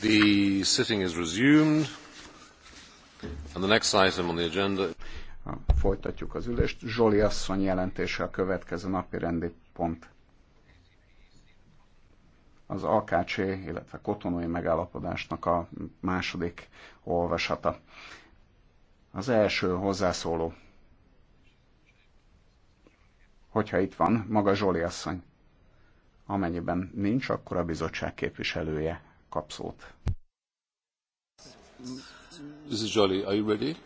The sitting is resumed. And the next item on the agenda... Folytatjuk az ülést. Zsoli asszony jelentése a következő napi rendi pont. Az AKC, illetve kotonói megállapodásnak a második olvasata. Az első hozzászóló. Hogyha itt van, maga Zsoli asszony. Amennyiben nincs, akkor a bizottság képviselője kapszót. Mrs. Jolly, are you ready?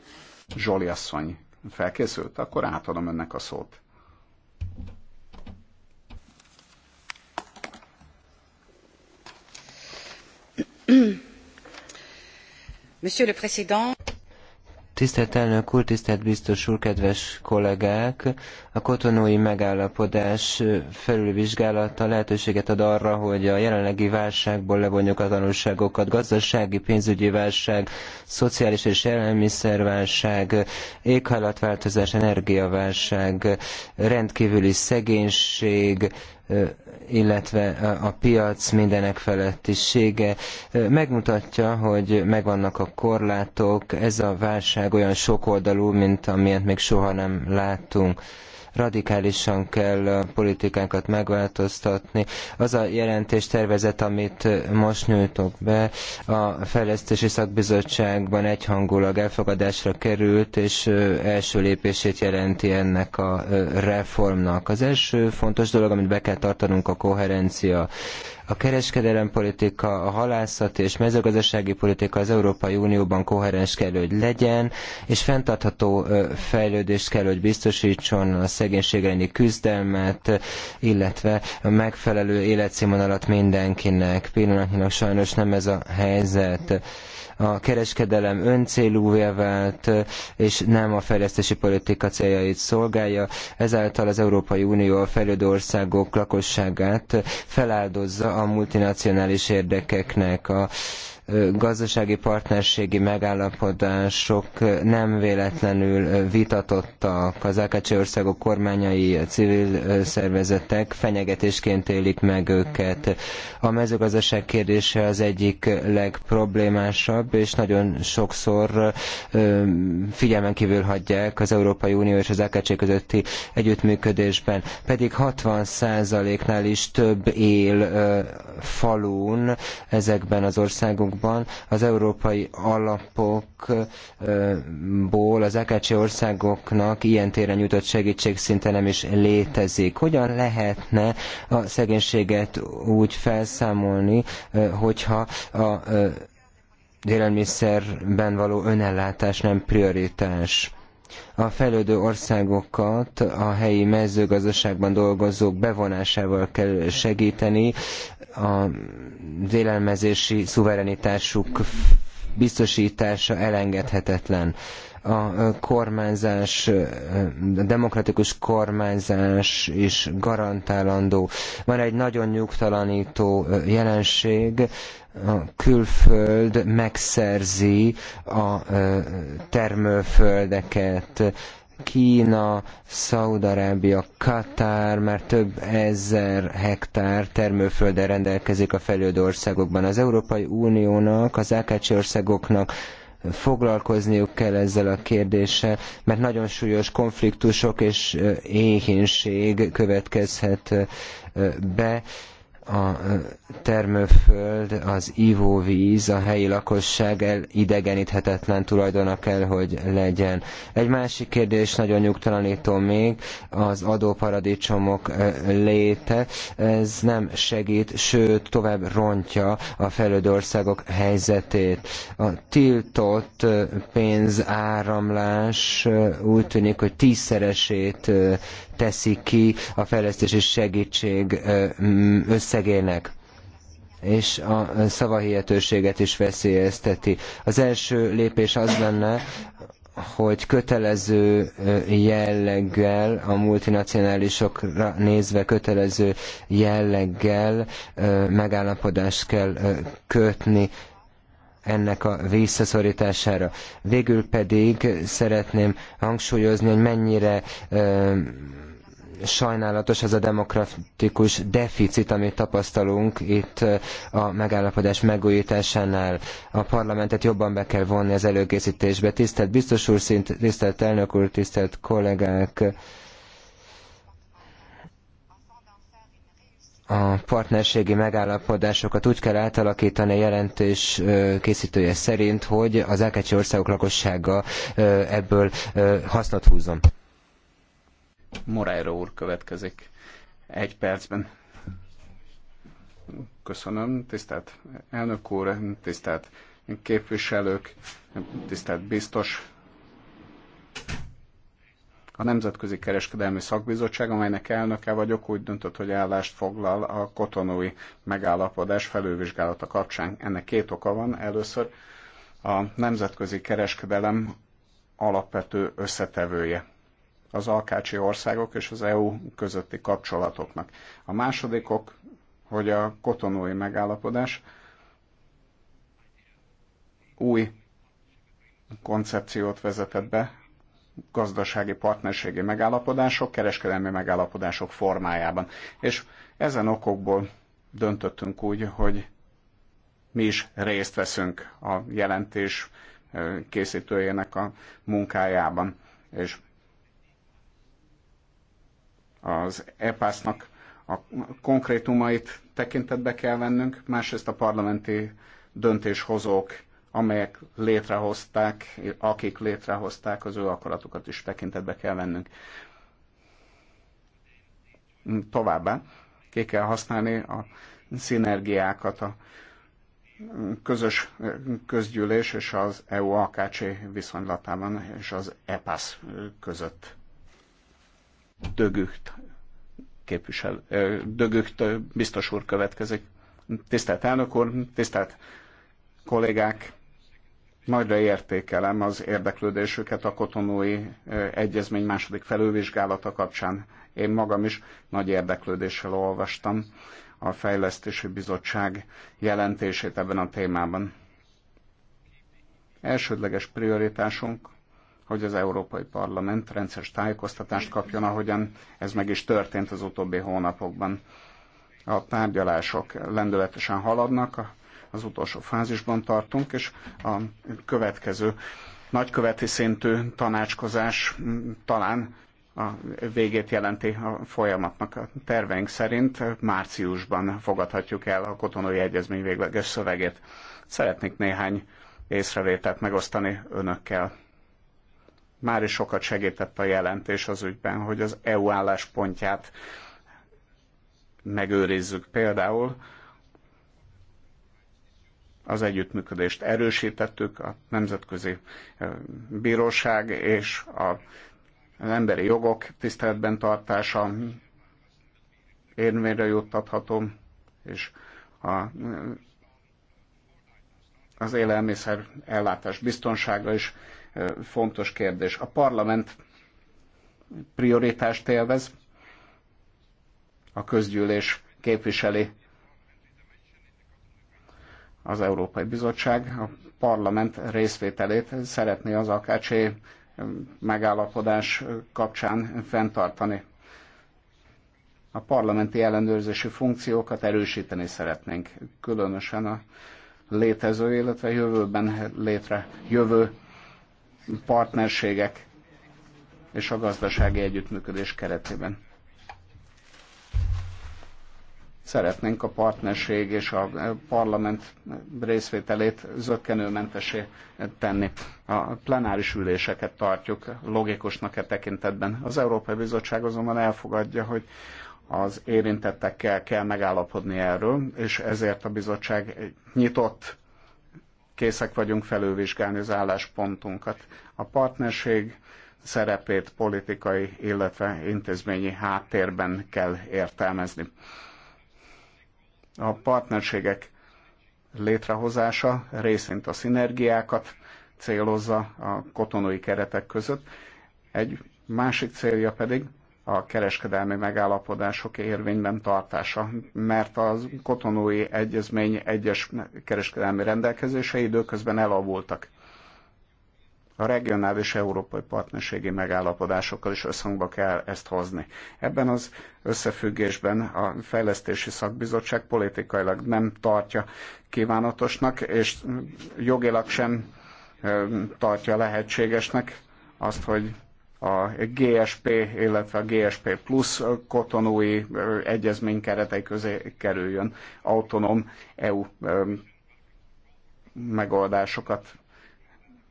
Zsoli asszony felkészült, akkor átadom önnek a szót. Monsieur le Président, Tisztelt elnök úr, tisztelt biztos úr, kedves kollégák! A kotonói megállapodás felülvizsgálata lehetőséget ad arra, hogy a jelenlegi válságból levonjuk a tanulságokat. Gazdasági, pénzügyi válság, szociális és élelmiszerválság, éghajlatváltozás, energiaválság, rendkívüli szegénység, illetve a piac mindenek felettisége megmutatja, hogy megvannak a korlátok, ez a válság olyan sokoldalú, mint amilyet még soha nem láttunk radikálisan kell politikánkat megváltoztatni. Az a jelentés tervezet, amit most nyújtok be, a Fejlesztési Szakbizottságban egyhangulag elfogadásra került, és első lépését jelenti ennek a reformnak. Az első fontos dolog, amit be kell tartanunk, a koherencia a kereskedelempolitika, a halászati és mezőgazdasági politika az Európai Unióban koherens kell, hogy legyen, és fenntartható fejlődést kell, hogy biztosítson a szegénység elleni küzdelmet, illetve a megfelelő életszínvonalat mindenkinek. Pillanatnyilag sajnos nem ez a helyzet a kereskedelem öncélúvá vált, és nem a fejlesztési politika céljait szolgálja. Ezáltal az Európai Unió a fejlődő országok lakosságát feláldozza a multinacionális érdekeknek. A gazdasági partnerségi megállapodások nem véletlenül vitatottak. Az AKC országok kormányai, civil szervezetek fenyegetésként élik meg őket. A mezőgazdaság kérdése az egyik legproblémásabb, és nagyon sokszor figyelmen kívül hagyják az Európai Unió és az AKC közötti együttműködésben. Pedig 60%-nál is több él falun ezekben az országokban, országokban az európai alapokból az EKC országoknak ilyen téren nyújtott segítség szinte nem is létezik. Hogyan lehetne a szegénységet úgy felszámolni, hogyha a élelmiszerben való önellátás nem prioritás? a fejlődő országokat a helyi mezőgazdaságban dolgozók bevonásával kell segíteni, a élelmezési szuverenitásuk biztosítása elengedhetetlen. A kormányzás, a demokratikus kormányzás is garantálandó. Van egy nagyon nyugtalanító jelenség, a külföld megszerzi a termőföldeket. Kína, Szaudarábia, Katár már több ezer hektár termőfölddel rendelkezik a fejlődő országokban. Az Európai Uniónak, az AKC országoknak foglalkozniuk kell ezzel a kérdéssel, mert nagyon súlyos konfliktusok és éhénység következhet be a termőföld, az ivóvíz a helyi lakosság elidegeníthetetlen tulajdona kell, hogy legyen. Egy másik kérdés, nagyon nyugtalanító még, az adóparadicsomok léte. Ez nem segít, sőt, tovább rontja a fejlődő országok helyzetét. A tiltott pénzáramlás úgy tűnik, hogy tízszeresét teszi ki a fejlesztési segítség összegének és a szavahihetőséget is veszélyezteti. Az első lépés az lenne, hogy kötelező jelleggel, a multinacionálisokra nézve kötelező jelleggel megállapodást kell kötni ennek a visszaszorítására. Végül pedig szeretném hangsúlyozni, hogy mennyire sajnálatos az a demokratikus deficit, amit tapasztalunk itt a megállapodás megújításánál. A parlamentet jobban be kell vonni az előkészítésbe. Tisztelt biztos úr, szint, tisztelt elnök úr, tisztelt kollégák! a partnerségi megállapodásokat úgy kell átalakítani a jelentés készítője szerint, hogy az elkecsi országok lakossága ebből hasznot húzom. Moreira úr következik. Egy percben. Köszönöm, tisztelt elnök úr, tisztelt képviselők, tisztelt biztos a Nemzetközi Kereskedelmi Szakbizottság, amelynek elnöke vagyok, úgy döntött, hogy állást foglal a kotonói megállapodás felülvizsgálata kapcsán. Ennek két oka van. Először a nemzetközi kereskedelem alapvető összetevője az alkácsi országok és az EU közötti kapcsolatoknak. A másodikok, hogy a kotonói megállapodás új koncepciót vezetett be gazdasági partnerségi megállapodások, kereskedelmi megállapodások formájában. És ezen okokból döntöttünk úgy, hogy mi is részt veszünk a jelentés készítőjének a munkájában. És az EPASZ-nak a konkrétumait tekintetbe kell vennünk, másrészt a parlamenti döntéshozók amelyek létrehozták, akik létrehozták, az ő akaratukat is tekintetbe kell vennünk. Továbbá ki kell használni a szinergiákat a közös közgyűlés és az EU-AKC viszonylatában és az EPASZ között. Dögükt képvisel, dögükt biztos úr következik. Tisztelt elnök úr, tisztelt kollégák, Nagyra értékelem az érdeklődésüket a kotonói egyezmény második felővizsgálata kapcsán. Én magam is nagy érdeklődéssel olvastam a Fejlesztési Bizottság jelentését ebben a témában. Elsődleges prioritásunk, hogy az Európai Parlament rendszeres tájékoztatást kapjon, ahogyan ez meg is történt az utóbbi hónapokban. A tárgyalások lendületesen haladnak, az utolsó fázisban tartunk, és a következő nagyköveti szintű tanácskozás mm, talán a végét jelenti a folyamatnak. A terveink szerint márciusban fogadhatjuk el a kotonói egyezmény végleges szövegét. Szeretnék néhány észrevételt megosztani önökkel. Már is sokat segített a jelentés az ügyben, hogy az EU álláspontját megőrizzük. Például az együttműködést erősítettük, a Nemzetközi Bíróság és a az emberi jogok tiszteletben tartása érvényre juttatható, és a, az élelmiszer ellátás biztonsága is fontos kérdés. A parlament prioritást élvez, a közgyűlés képviseli az Európai Bizottság a parlament részvételét szeretné az AKC megállapodás kapcsán fenntartani. A parlamenti ellenőrzési funkciókat erősíteni szeretnénk, különösen a létező, illetve jövőben létre jövő partnerségek és a gazdasági együttműködés keretében szeretnénk a partnerség és a parlament részvételét zöggenőmentesé tenni. A plenáris üléseket tartjuk logikusnak e tekintetben. Az Európai Bizottság azonban elfogadja, hogy az érintettekkel kell megállapodni erről, és ezért a bizottság nyitott, készek vagyunk felülvizsgálni az álláspontunkat. A partnerség szerepét politikai, illetve intézményi háttérben kell értelmezni a partnerségek létrehozása részint a szinergiákat célozza a kotonói keretek között. Egy másik célja pedig a kereskedelmi megállapodások érvényben tartása, mert a kotonói egyezmény egyes kereskedelmi rendelkezései időközben elavultak a regionális európai partnerségi megállapodásokkal is összhangba kell ezt hozni. Ebben az összefüggésben a fejlesztési szakbizottság politikailag nem tartja kívánatosnak, és jogilag sem tartja lehetségesnek azt, hogy a GSP, illetve a GSP plusz kotonói egyezmény keretei közé kerüljön autonóm EU megoldásokat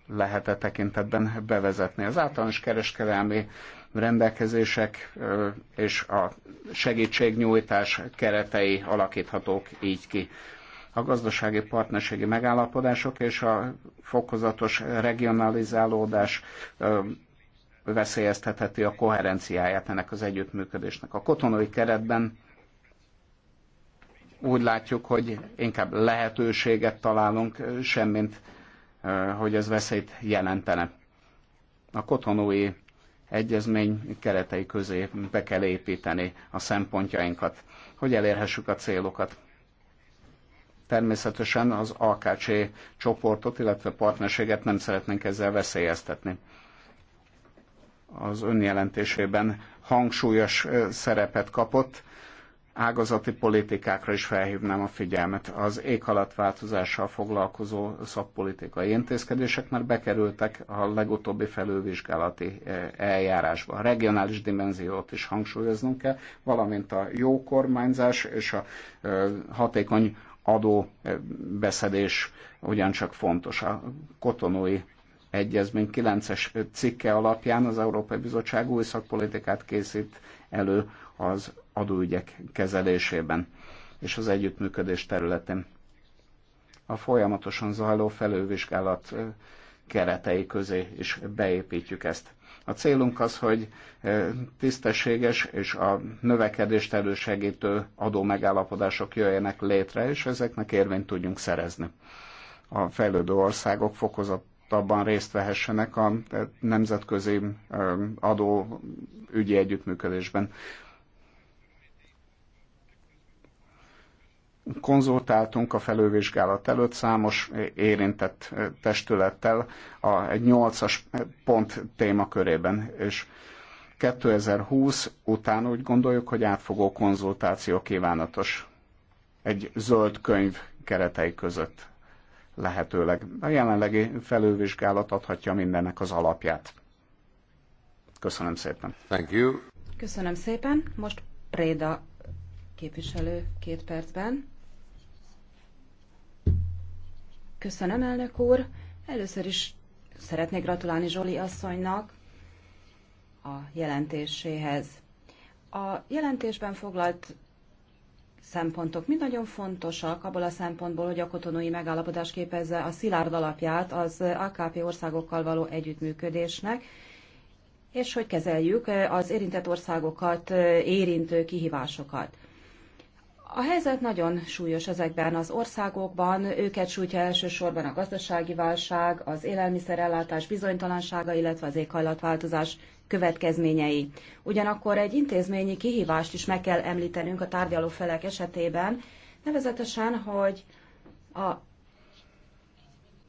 lehet -e tekintetben bevezetni. Az általános kereskedelmi rendelkezések és a segítségnyújtás keretei alakíthatók így ki. A gazdasági partnerségi megállapodások és a fokozatos regionalizálódás veszélyeztetheti a koherenciáját ennek az együttműködésnek. A kotonói keretben úgy látjuk, hogy inkább lehetőséget találunk, semmint hogy ez veszélyt jelentene. A kotonói egyezmény keretei közé be kell építeni a szempontjainkat, hogy elérhessük a célokat. Természetesen az AKC csoportot, illetve partnerséget nem szeretnénk ezzel veszélyeztetni. Az önjelentésében hangsúlyos szerepet kapott ágazati politikákra is felhívnám a figyelmet. Az éghalatváltozással foglalkozó szakpolitikai intézkedések már bekerültek a legutóbbi felülvizsgálati eh, eljárásba. A regionális dimenziót is hangsúlyoznunk kell, valamint a jó kormányzás és a eh, hatékony adóbeszedés eh, ugyancsak fontos. A kotonói egyezmény 9-es cikke alapján az Európai Bizottság új szakpolitikát készít elő az adóügyek kezelésében és az együttműködés területén. A folyamatosan zajló felővizsgálat keretei közé is beépítjük ezt. A célunk az, hogy tisztességes és a növekedést elősegítő adó megállapodások jöjjenek létre, és ezeknek érvényt tudjunk szerezni. A fejlődő országok fokozottabban részt vehessenek a nemzetközi adóügyi együttműködésben. konzultáltunk a felővizsgálat előtt számos érintett testülettel a 8-as pont témakörében, és 2020 után úgy gondoljuk, hogy átfogó konzultáció kívánatos egy zöld könyv keretei között lehetőleg. A jelenlegi felővizsgálat adhatja mindennek az alapját. Köszönöm szépen. Thank you. Köszönöm szépen. Most Préda képviselő két percben. Köszönöm, elnök úr. Először is szeretnék gratulálni Zsoli asszonynak a jelentéséhez. A jelentésben foglalt szempontok mind nagyon fontosak abból a szempontból, hogy a kotonói megállapodás képezze a szilárd alapját az AKP országokkal való együttműködésnek, és hogy kezeljük az érintett országokat érintő kihívásokat. A helyzet nagyon súlyos ezekben az országokban, őket sújtja elsősorban a gazdasági válság, az élelmiszerellátás bizonytalansága, illetve az éghajlatváltozás következményei. Ugyanakkor egy intézményi kihívást is meg kell említenünk a tárgyaló felek esetében, nevezetesen, hogy a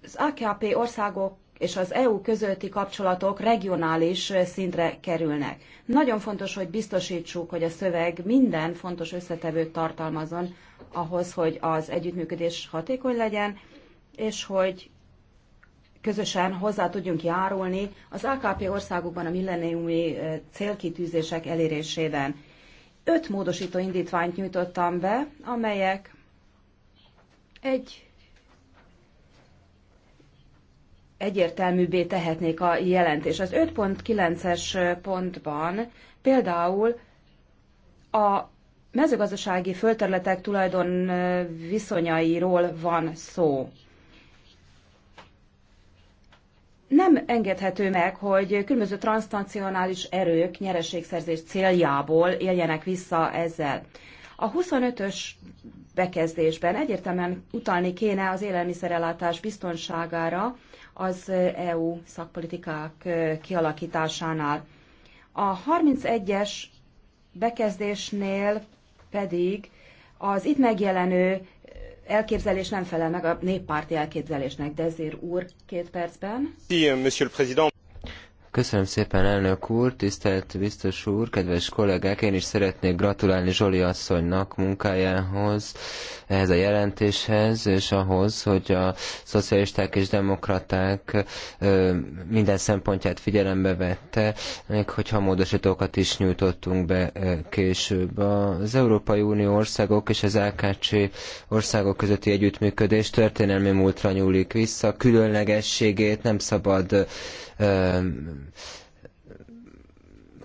az AKP országok és az EU közötti kapcsolatok regionális szintre kerülnek. Nagyon fontos, hogy biztosítsuk, hogy a szöveg minden fontos összetevőt tartalmazon ahhoz, hogy az együttműködés hatékony legyen, és hogy közösen hozzá tudjunk járulni az AKP országokban a milleniumi célkitűzések elérésében. Öt módosító indítványt nyújtottam be, amelyek egy egyértelműbbé tehetnék a jelentés. Az 5.9-es pontban például a mezőgazdasági földterületek tulajdon viszonyairól van szó. Nem engedhető meg, hogy különböző transnacionális erők nyereségszerzés céljából éljenek vissza ezzel. A 25-ös bekezdésben egyértelműen utalni kéne az élelmiszerellátás biztonságára az EU szakpolitikák kialakításánál. A 31-es bekezdésnél pedig az itt megjelenő elképzelés nem felel meg a néppárti elképzelésnek. Dezir úr, két percben. Sí, euh, monsieur le président. Köszönöm szépen, elnök úr, tisztelt biztos úr, kedves kollégák, én is szeretnék gratulálni Zsoli asszonynak munkájához ehhez a jelentéshez, és ahhoz, hogy a szocialisták és demokraták minden szempontját figyelembe vette, még hogyha módosítókat is nyújtottunk be később. Az Európai Unió országok és az AKC országok közötti együttműködés történelmi múltra nyúlik vissza, különlegességét nem szabad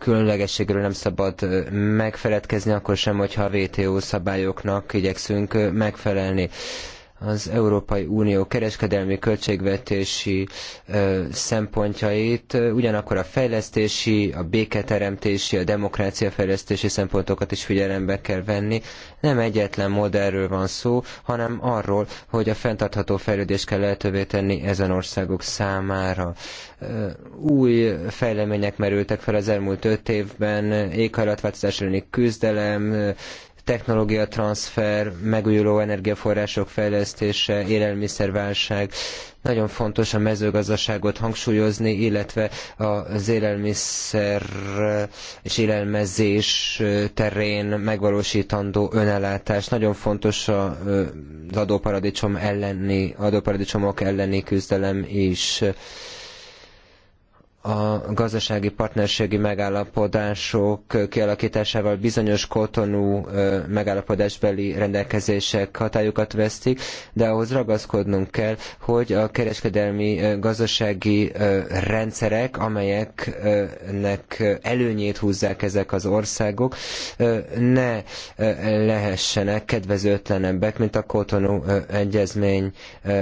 különlegességről nem szabad megfeledkezni, akkor sem, hogyha a WTO szabályoknak igyekszünk megfelelni az Európai Unió kereskedelmi költségvetési szempontjait, ugyanakkor a fejlesztési, a béketeremtési, a demokráciafejlesztési szempontokat is figyelembe kell venni. Nem egyetlen modellről van szó, hanem arról, hogy a fenntartható fejlődést kell lehetővé tenni ezen országok számára. Új fejlemények merültek fel az elmúlt öt évben, éghajlatváltozás elleni küzdelem, technológia transfer, megújuló energiaforrások fejlesztése, élelmiszerválság. Nagyon fontos a mezőgazdaságot hangsúlyozni, illetve az élelmiszer és élelmezés terén megvalósítandó önellátás. Nagyon fontos az adóparadicsom elleni, adóparadicsomok elleni küzdelem is a gazdasági partnerségi megállapodások kialakításával bizonyos kotonú megállapodásbeli rendelkezések hatályukat vesztik, de ahhoz ragaszkodnunk kell, hogy a kereskedelmi gazdasági rendszerek, amelyeknek előnyét húzzák ezek az országok, ne lehessenek kedvezőtlenebbek, mint a kotonú egyezmény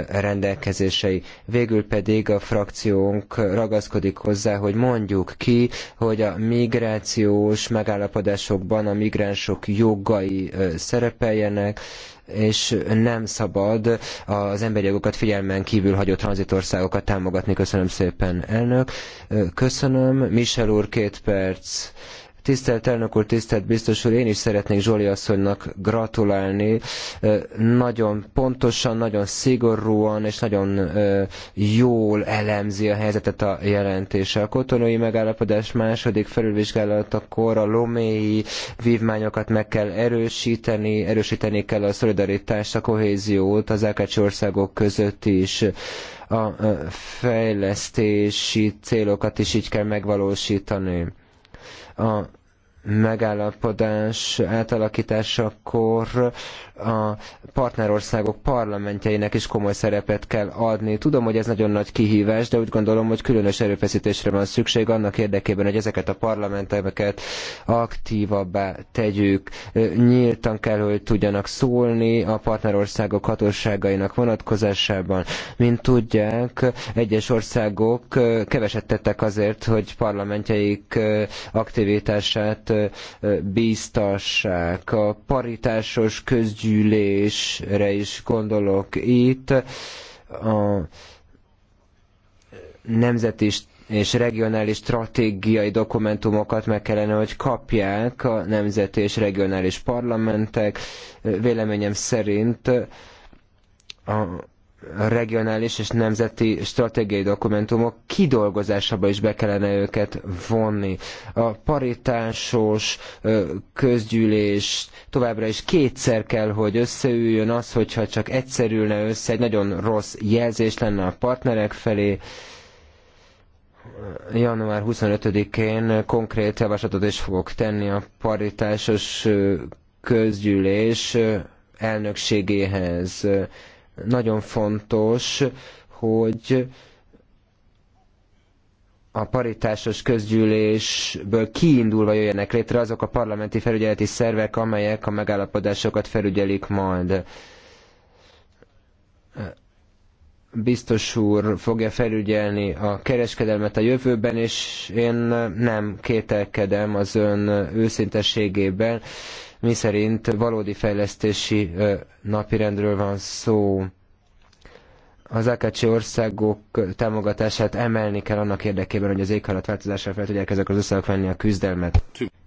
rendelkezései. Végül pedig a frakciónk ragaszkodik hozzá, hogy mondjuk ki, hogy a migrációs megállapodásokban a migránsok jogai szerepeljenek, és nem szabad az emberi jogokat figyelmen kívül hagyó tranzitországokat támogatni. Köszönöm szépen, elnök. Köszönöm. Michel úr, két perc. Tisztelt elnök úr, tisztelt biztos úr, én is szeretnék Zsoli asszonynak gratulálni. Nagyon pontosan, nagyon szigorúan és nagyon jól elemzi a helyzetet a jelentése. A kotonói megállapodás második felülvizsgálatakor a loméi vívmányokat meg kell erősíteni, erősíteni kell a szolidaritást, a kohéziót az AKC országok között is a fejlesztési célokat is így kell megvalósítani a megállapodás átalakításakor a partnerországok parlamentjeinek is komoly szerepet kell adni. Tudom, hogy ez nagyon nagy kihívás, de úgy gondolom, hogy különös erőfeszítésre van szükség annak érdekében, hogy ezeket a parlamenteket aktívabbá tegyük. Nyíltan kell, hogy tudjanak szólni a partnerországok hatóságainak vonatkozásában. Mint tudják, egyes országok keveset tettek azért, hogy parlamentjeik aktivitását bíztassák. A paritásos közgyűlés gyűlésre is gondolok itt. A nemzeti és regionális stratégiai dokumentumokat meg kellene, hogy kapják a nemzeti és regionális parlamentek. Véleményem szerint a regionális és nemzeti stratégiai dokumentumok kidolgozásába is be kellene őket vonni. A paritásos közgyűlés továbbra is kétszer kell, hogy összeüljön az, hogyha csak egyszer ülne össze, egy nagyon rossz jelzés lenne a partnerek felé. Január 25-én konkrét javaslatot is fogok tenni a paritásos közgyűlés elnökségéhez nagyon fontos, hogy a paritásos közgyűlésből kiindulva jöjjenek létre azok a parlamenti felügyeleti szervek, amelyek a megállapodásokat felügyelik majd. Biztos úr fogja felügyelni a kereskedelmet a jövőben, és én nem kételkedem az ön őszintességében miszerint valódi fejlesztési napirendről van szó. Az AKC országok támogatását emelni kell annak érdekében, hogy az éghajlatváltozással fel tudják ezek az országok venni a küzdelmet.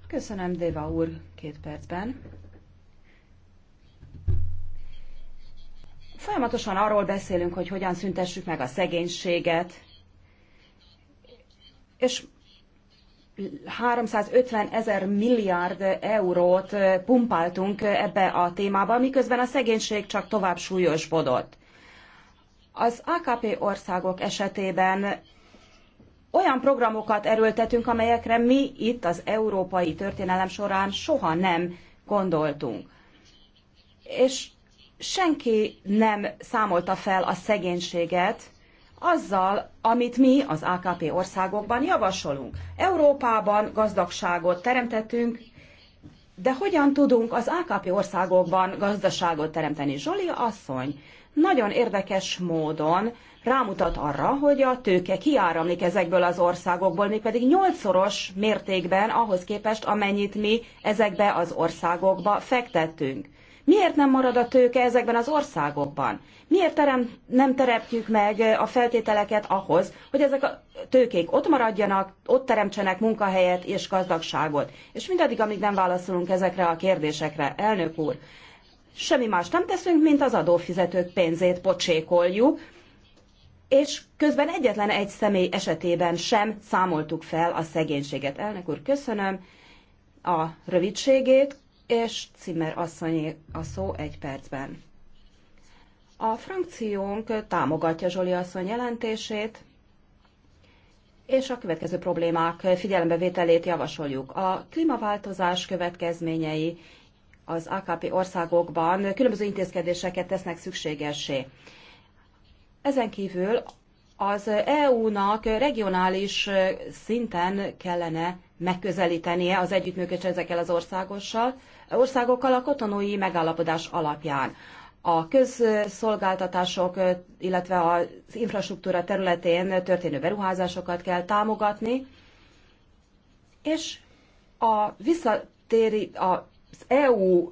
Köszönöm, Déva úr, két percben. Folyamatosan arról beszélünk, hogy hogyan szüntessük meg a szegénységet, és 350 ezer milliárd eurót eh, pumpáltunk ebbe a témába, miközben a szegénység csak tovább súlyosbodott. Az AKP országok esetében olyan programokat erőltetünk, amelyekre mi itt az európai történelem során soha nem gondoltunk. És senki nem számolta fel a szegénységet, azzal, amit mi az AKP országokban javasolunk. Európában gazdagságot teremtettünk, de hogyan tudunk az AKP országokban gazdaságot teremteni? Zsoli asszony nagyon érdekes módon rámutat arra, hogy a tőke kiáramlik ezekből az országokból, mégpedig nyolcszoros mértékben ahhoz képest, amennyit mi ezekbe az országokba fektettünk. Miért nem marad a tőke ezekben az országokban? Miért terem, nem teremtjük meg a feltételeket ahhoz, hogy ezek a tőkék ott maradjanak, ott teremtsenek munkahelyet és gazdagságot? És mindaddig, amíg nem válaszolunk ezekre a kérdésekre, elnök úr, semmi más nem teszünk, mint az adófizetők pénzét pocsékoljuk, és közben egyetlen egy személy esetében sem számoltuk fel a szegénységet. Elnök úr, köszönöm a rövidségét, és Cimmer asszonyé a szó egy percben. A frankciónk támogatja Zsoli asszony jelentését, és a következő problémák figyelembevételét javasoljuk. A klímaváltozás következményei az AKP országokban különböző intézkedéseket tesznek szükségessé. Ezen kívül az EU-nak regionális szinten kellene megközelítenie az együttműködés ezekkel az országossal, országokkal a kotonói megállapodás alapján. A közszolgáltatások, illetve az infrastruktúra területén történő beruházásokat kell támogatni, és a visszatéri, az EU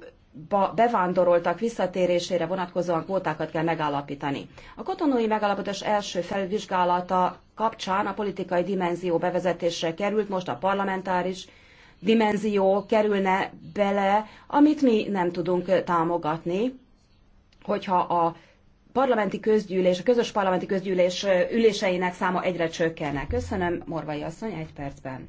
bevándoroltak visszatérésére vonatkozóan kvótákat kell megállapítani. A kotonói megállapodás első felvizsgálata kapcsán a politikai dimenzió bevezetésre került, most a parlamentáris dimenzió kerülne bele, amit mi nem tudunk támogatni, hogyha a parlamenti közgyűlés, a közös parlamenti közgyűlés üléseinek száma egyre csökkenne. Köszönöm, Morvai asszony, egy percben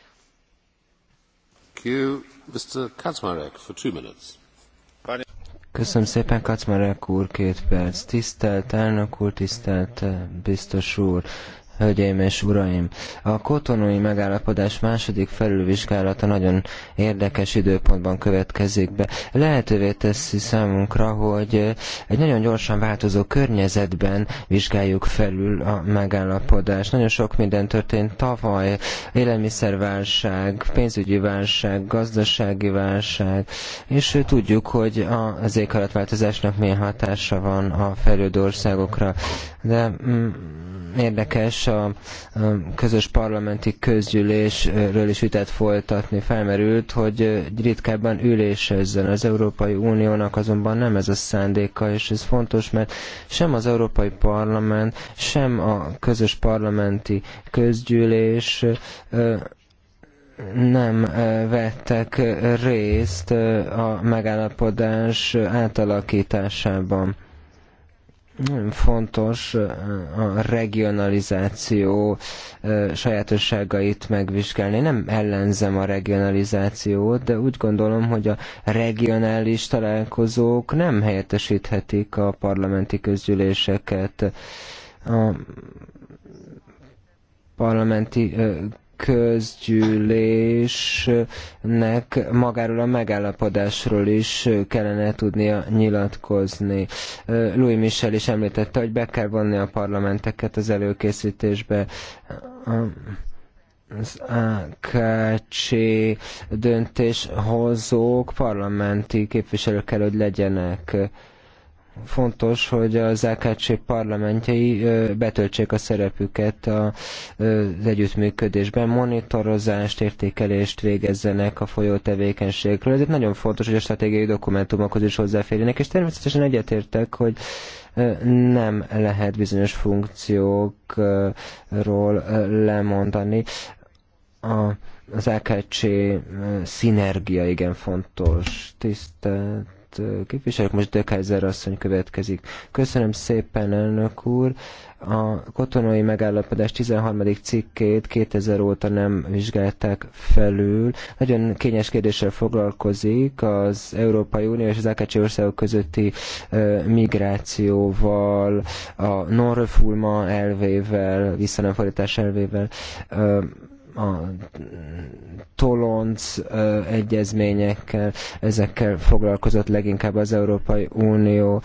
Köszönöm szépen, Kacmarek úr, két perc. Tisztelt elnök úr, tisztelt eh, biztos úr. Hölgyeim és uraim, a kotonói megállapodás második felülvizsgálata nagyon érdekes időpontban következik be. Lehetővé teszi számunkra, hogy egy nagyon gyorsan változó környezetben vizsgáljuk felül a megállapodást. Nagyon sok minden történt tavaly, élelmiszerválság, pénzügyi válság, gazdasági válság, és tudjuk, hogy az éghajlatváltozásnak milyen hatása van a fejlődő országokra. De mm, érdekes a közös parlamenti közgyűlésről is vitát folytatni. Felmerült, hogy ritkábban ülésezzen az Európai Uniónak, azonban nem ez a szándéka, és ez fontos, mert sem az Európai Parlament, sem a közös parlamenti közgyűlés nem vettek részt a megállapodás átalakításában. Nagyon fontos a regionalizáció sajátosságait megvizsgálni. Nem ellenzem a regionalizációt, de úgy gondolom, hogy a regionális találkozók nem helyettesíthetik a parlamenti közgyűléseket. A parlamenti közgyűlésnek magáról a megállapodásról is kellene tudnia nyilatkozni. Louis Michel is említette, hogy be kell vonni a parlamenteket az előkészítésbe az AKC döntéshozók parlamenti képviselők kell, hogy legyenek fontos, hogy az AKC parlamentjei betöltsék a szerepüket az együttműködésben, monitorozást, értékelést végezzenek a folyó tevékenységről. Ezért nagyon fontos, hogy a stratégiai dokumentumokhoz is hozzáférjenek, és természetesen egyetértek, hogy nem lehet bizonyos funkciókról lemondani. A, az AKC szinergia igen fontos. Tisztelt frakciót képviselők, most Dekaiser asszony következik. Köszönöm szépen, elnök úr. A kotonai megállapodás 13. cikkét 2000 óta nem vizsgálták felül. Nagyon kényes kérdéssel foglalkozik az Európai Unió és az AKC országok közötti migrációval, a non-refulma elvével, visszanemfordítás elvével a tolonc egyezményekkel, ezekkel foglalkozott leginkább az Európai Unió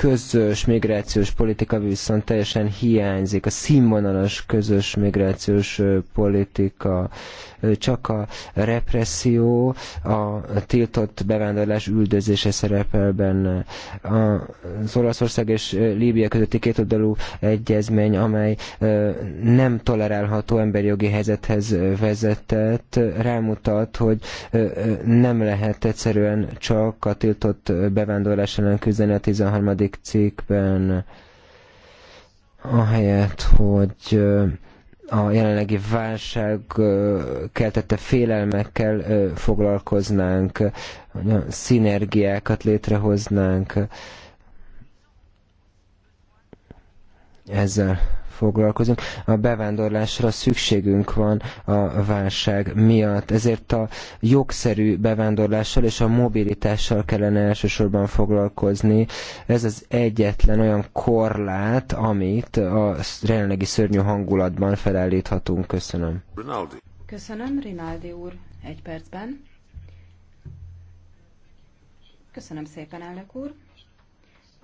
közös migrációs politika viszont teljesen hiányzik, a színvonalas közös migrációs politika, csak a represszió, a tiltott bevándorlás üldözése szerepel benne. Az Olaszország és Líbia közötti kétoldalú egyezmény, amely nem tolerálható emberi jogi helyzethez vezetett, rámutat, hogy nem lehet egyszerűen csak a tiltott bevándorlás ellen küzdeni a 13 második cikkben, ahelyett, hogy a jelenlegi válság keltette félelmekkel foglalkoznánk, szinergiákat létrehoznánk, ezzel foglalkozunk. A bevándorlásra szükségünk van a válság miatt, ezért a jogszerű bevándorlással és a mobilitással kellene elsősorban foglalkozni. Ez az egyetlen olyan korlát, amit a jelenlegi szörnyű hangulatban felállíthatunk. Köszönöm. Rinaldi. Köszönöm, Rinaldi úr, egy percben. Köszönöm szépen, elnök úr.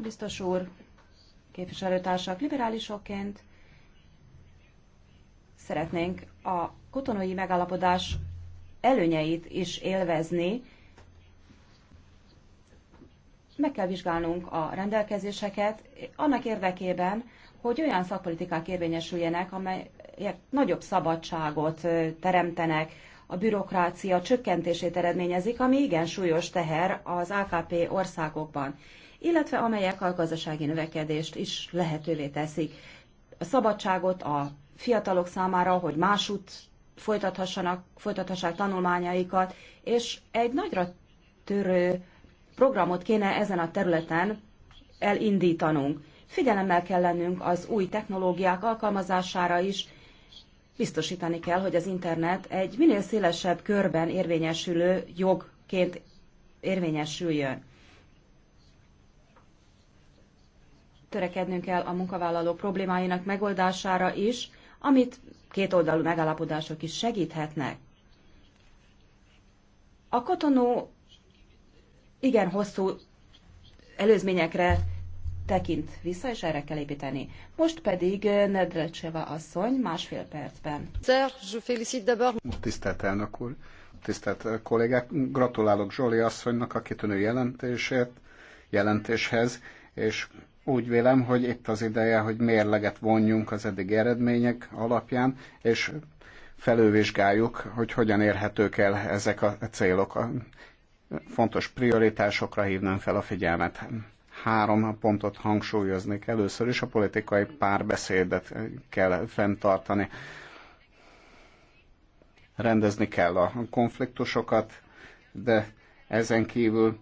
Biztos úr, képviselőtársak, liberálisokként szeretnénk a kotonói megállapodás előnyeit is élvezni, meg kell vizsgálnunk a rendelkezéseket annak érdekében, hogy olyan szakpolitikák érvényesüljenek, amelyek nagyobb szabadságot teremtenek, a bürokrácia csökkentését eredményezik, ami igen súlyos teher az AKP országokban, illetve amelyek a gazdasági növekedést is lehetővé teszik. A szabadságot, a fiatalok számára, hogy másút folytathassanak, folytathassák tanulmányaikat, és egy nagyra törő programot kéne ezen a területen elindítanunk. Figyelemmel kell lennünk az új technológiák alkalmazására is, biztosítani kell, hogy az internet egy minél szélesebb körben érvényesülő jogként érvényesüljön. Törekednünk kell a munkavállalók problémáinak megoldására is, amit kétoldalú megállapodások is segíthetnek. A kotonó igen hosszú előzményekre tekint vissza, és erre kell építeni. Most pedig eh, Nedrecseva asszony másfél percben. Tisztelt elnök úr, tisztelt eh, kollégák, gratulálok Zsoli asszonynak a kitűnő jelentését, jelentéshez, és úgy vélem, hogy itt az ideje, hogy mérleget vonjunk az eddig eredmények alapján, és felővizsgáljuk, hogy hogyan érhetők el ezek a célok. Fontos prioritásokra hívnám fel a figyelmet. Három pontot hangsúlyoznék. Először is a politikai párbeszédet kell fenntartani. Rendezni kell a konfliktusokat, de ezen kívül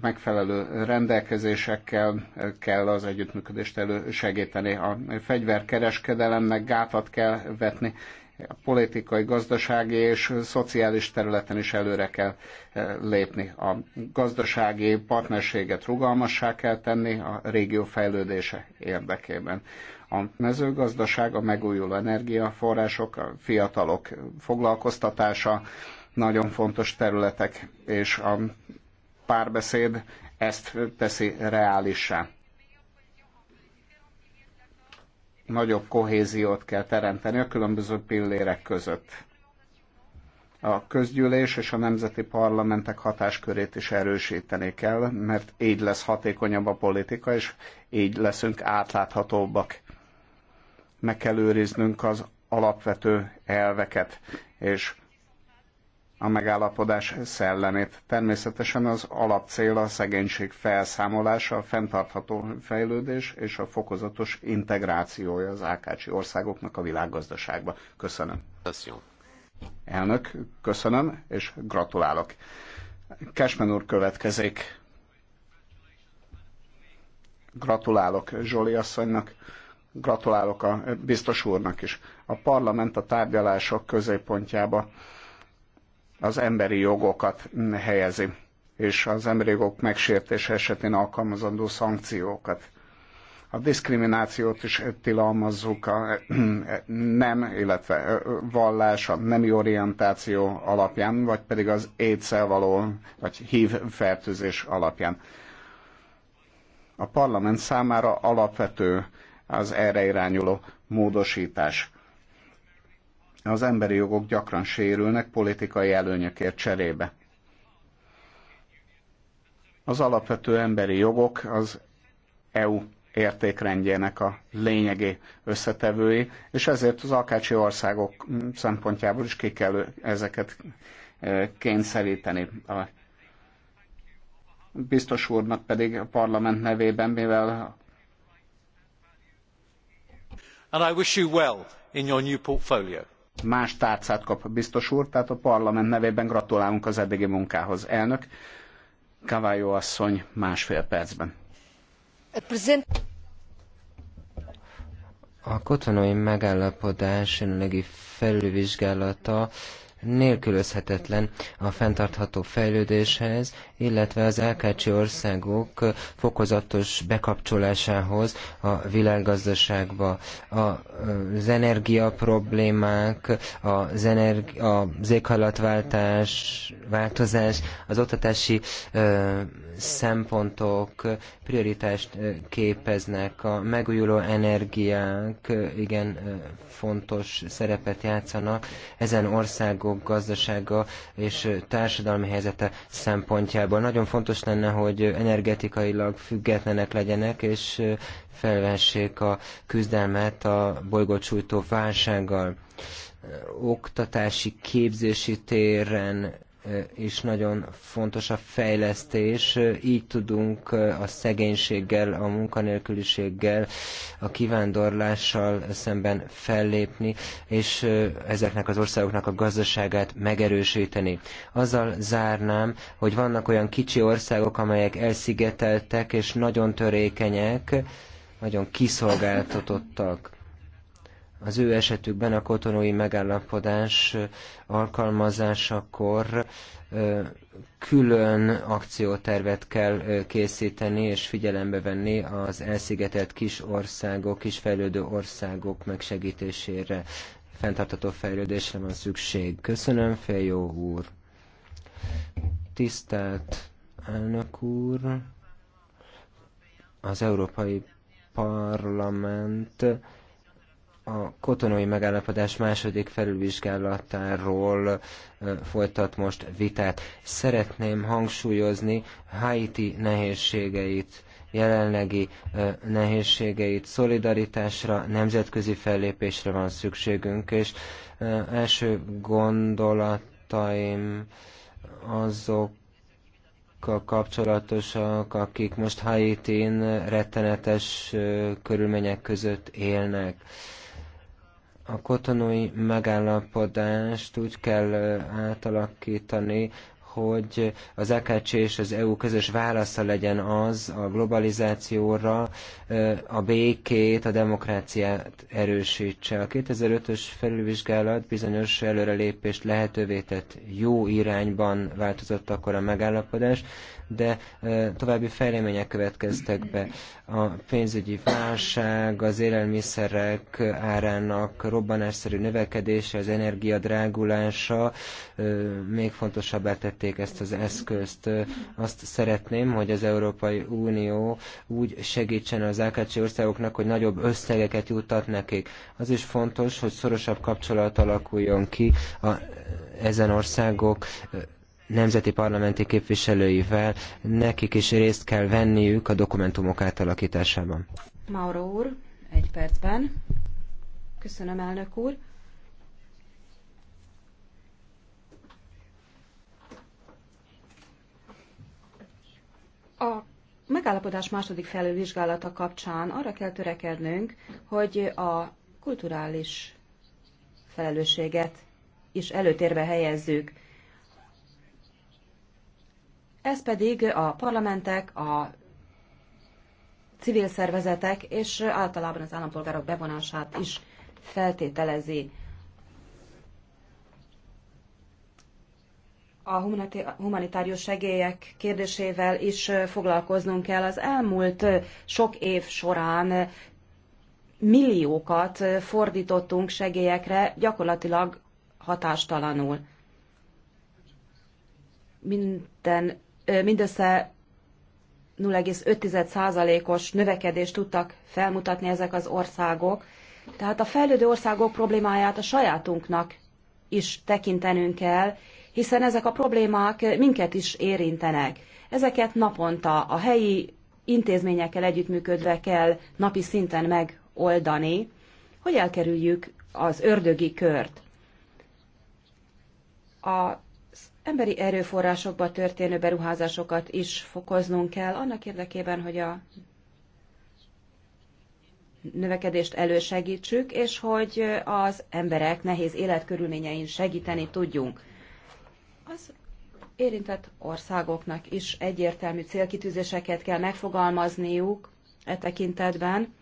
megfelelő rendelkezésekkel kell az együttműködést elősegíteni. A fegyverkereskedelemnek gátat kell vetni, a politikai, gazdasági és szociális területen is előre kell eh, lépni. A gazdasági partnerséget rugalmassá kell tenni a régió fejlődése érdekében. A mezőgazdaság, a megújuló energiaforrások, a fiatalok foglalkoztatása nagyon fontos területek, és a párbeszéd ezt teszi reálissá. Nagyobb kohéziót kell teremteni a különböző pillérek között. A közgyűlés és a nemzeti parlamentek hatáskörét is erősíteni kell, mert így lesz hatékonyabb a politika, és így leszünk átláthatóbbak. Meg kell őriznünk az alapvető elveket, és a megállapodás szellemét. Természetesen az alapcél a szegénység felszámolása, a fenntartható fejlődés és a fokozatos integrációja az ákácsi országoknak a világgazdaságba. Köszönöm. Köszönöm. Elnök, köszönöm, és gratulálok. Kesmen úr következik. Gratulálok Zsoli asszonynak, gratulálok a biztos úrnak is. A parlament a tárgyalások középpontjába az emberi jogokat helyezi, és az emberi jogok megsértése esetén alkalmazandó szankciókat. A diszkriminációt is tilalmazzuk, a nem, illetve vallás, a nemi orientáció alapján, vagy pedig az étszel való, vagy hív fertőzés alapján. A parlament számára alapvető az erre irányuló módosítás az emberi jogok gyakran sérülnek politikai előnyökért cserébe. Az alapvető emberi jogok az EU értékrendjének a lényegi összetevői, és ezért az alkácsi országok szempontjából is ki kell ezeket e, kényszeríteni. A biztos úrnak pedig a parlament nevében, mivel And I wish you well in your new portfolio más tárcát kap biztos úr, tehát a parlament nevében gratulálunk az eddigi munkához. Elnök, Kavályó asszony másfél percben. A kotonai megállapodás jelenlegi felülvizsgálata nélkülözhetetlen a fenntartható fejlődéshez, illetve az LKC országok fokozatos bekapcsolásához a világgazdaságba. Az energia problémák, az, energi- az éghajlatváltás, változás, az oktatási szempontok prioritást képeznek, a megújuló energiák igen fontos szerepet játszanak ezen országok országok gazdasága és társadalmi helyzete szempontjából. Nagyon fontos lenne, hogy energetikailag függetlenek legyenek, és felvessék a küzdelmet a bolygócsújtó válsággal. Oktatási, képzési téren Eh, is nagyon fontos a fejlesztés, így tudunk eh, a szegénységgel, a munkanélküliséggel, a kivándorlással szemben fellépni, és eh, ezeknek az országoknak a gazdaságát megerősíteni. Azzal zárnám, hogy vannak olyan kicsi országok, amelyek elszigeteltek és nagyon törékenyek, nagyon kiszolgáltatottak az ő esetükben a kotonói megállapodás alkalmazásakor külön akciótervet kell készíteni és figyelembe venni az elszigetelt kis országok, kis fejlődő országok megsegítésére, fenntartató fejlődésre van szükség. Köszönöm, Fejó úr! Tisztelt elnök úr! Az Európai Parlament a kotonói megállapodás második felülvizsgálatáról folytat most vitát. Szeretném hangsúlyozni Haiti nehézségeit, jelenlegi nehézségeit, szolidaritásra, nemzetközi fellépésre van szükségünk, és első gondolataim azok, a kapcsolatosak, akik most Haitin rettenetes körülmények között élnek a kotonói megállapodást úgy kell átalakítani, hogy az EKC és az EU közös válasza legyen az a globalizációra, a békét, a demokráciát erősítse. A 2005-ös felülvizsgálat bizonyos előrelépést lehetővé tett jó irányban változott akkor a megállapodás, de további fejlemények következtek be. A pénzügyi válság, az élelmiszerek árának robbanásszerű növekedése, az energia drágulása még fontosabbá tették ezt az eszközt. Azt szeretném, hogy az Európai Unió úgy segítsen az AKC országoknak, hogy nagyobb összegeket juttat nekik. Az is fontos, hogy szorosabb kapcsolat alakuljon ki a, ezen országok nemzeti parlamenti képviselőivel, nekik is részt kell venniük a dokumentumok átalakításában. Mauro úr, egy percben. Köszönöm, elnök úr. A megállapodás második felülvizsgálata kapcsán arra kell törekednünk, hogy a kulturális felelősséget is előtérbe helyezzük. Ez pedig a parlamentek, a civil szervezetek és általában az állampolgárok bevonását is feltételezi. A humanitárius segélyek kérdésével is foglalkoznunk kell. Az elmúlt sok év során milliókat fordítottunk segélyekre, gyakorlatilag hatástalanul. Minden mindössze 0,5%-os növekedést tudtak felmutatni ezek az országok. Tehát a fejlődő országok problémáját a sajátunknak is tekintenünk kell, hiszen ezek a problémák minket is érintenek. Ezeket naponta a helyi intézményekkel együttműködve kell napi szinten megoldani, hogy elkerüljük az ördögi kört. A emberi erőforrásokba történő beruházásokat is fokoznunk kell, annak érdekében, hogy a növekedést elősegítsük, és hogy az emberek nehéz életkörülményein segíteni tudjunk. Az érintett országoknak is egyértelmű célkitűzéseket kell megfogalmazniuk e tekintetben,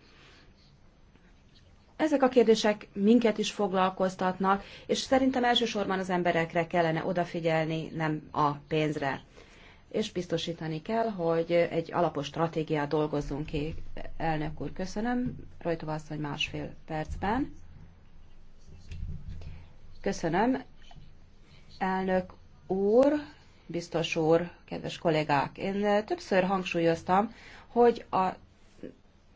ezek a kérdések minket is foglalkoztatnak, és szerintem elsősorban az emberekre kellene odafigyelni, nem a pénzre. És biztosítani kell, hogy egy alapos stratégiát dolgozzunk ki. Elnök úr, köszönöm. Rojtova hogy másfél percben. Köszönöm. Elnök úr, biztos úr, kedves kollégák, én többször hangsúlyoztam, hogy a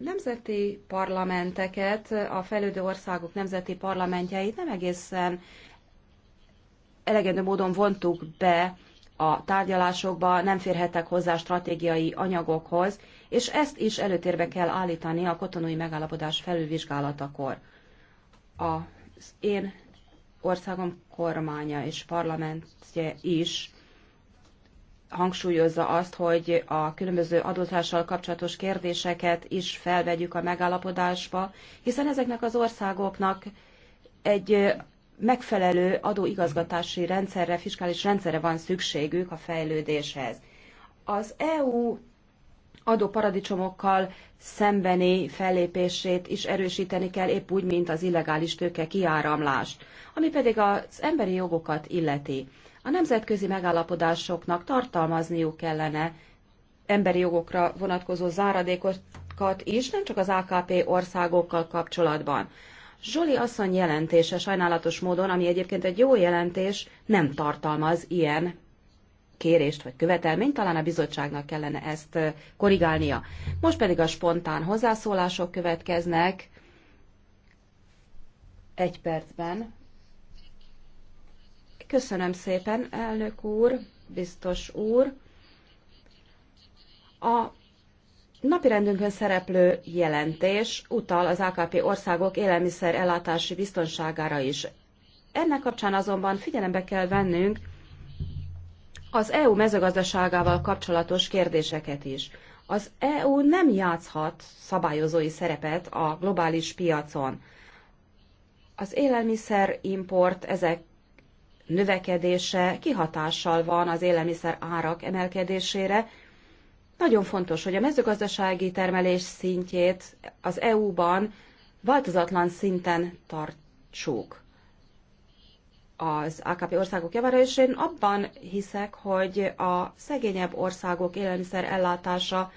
nemzeti parlamenteket, a fejlődő országok nemzeti parlamentjeit nem egészen elegendő módon vontuk be a tárgyalásokba, nem férhetek hozzá stratégiai anyagokhoz, és ezt is előtérbe kell állítani a kotonói megállapodás felülvizsgálatakor. Az én országom kormánya és parlamentje is hangsúlyozza azt, hogy a különböző adózással kapcsolatos kérdéseket is felvegyük a megállapodásba, hiszen ezeknek az országoknak egy megfelelő adóigazgatási rendszerre, fiskális rendszerre van szükségük a fejlődéshez. Az EU adóparadicsomokkal szembeni fellépését is erősíteni kell, épp úgy, mint az illegális tőke kiáramlást, ami pedig az emberi jogokat illeti. A nemzetközi megállapodásoknak tartalmazniuk kellene emberi jogokra vonatkozó záradékokat is, nem csak az AKP országokkal kapcsolatban. Zsoli asszony jelentése sajnálatos módon, ami egyébként egy jó jelentés, nem tartalmaz ilyen kérést vagy követelményt, talán a bizottságnak kellene ezt korrigálnia. Most pedig a spontán hozzászólások következnek. Egy percben Köszönöm szépen, elnök úr, biztos úr. A napirendünkön szereplő jelentés utal az AKP országok élelmiszer ellátási biztonságára is. Ennek kapcsán azonban figyelembe kell vennünk az EU mezőgazdaságával kapcsolatos kérdéseket is. Az EU nem játszhat szabályozói szerepet a globális piacon. Az élelmiszer import ezek növekedése kihatással van az élelmiszer árak emelkedésére. Nagyon fontos, hogy a mezőgazdasági termelés szintjét az EU-ban változatlan szinten tartsuk az AKP országok javára, és én abban hiszek, hogy a szegényebb országok élelmiszer ellátása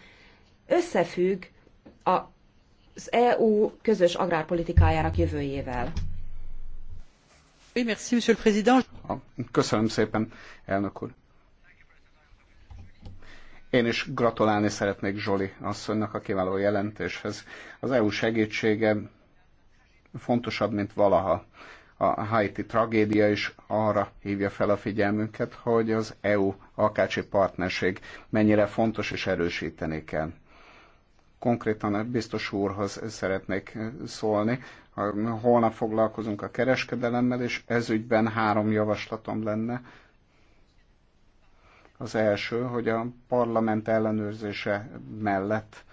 összefügg az EU közös agrárpolitikájának jövőjével. Köszönöm szépen, elnök úr. Én is gratulálni szeretnék Joly. asszonynak a kiváló jelentéshez. Az EU segtsége fontosabb, mint valaha. A Haiti tragédia is arra hívja fel a figyelmünket, hogy az EU-Akácsi partnerség mennyire fontos és erősíteni kell konkrétan biztos úrhoz szeretnék szólni, Holnap foglalkozunk a kereskedelemmel, és ez ügyben három javaslatom lenne. Az első, hogy a parlament ellenőrzése mellett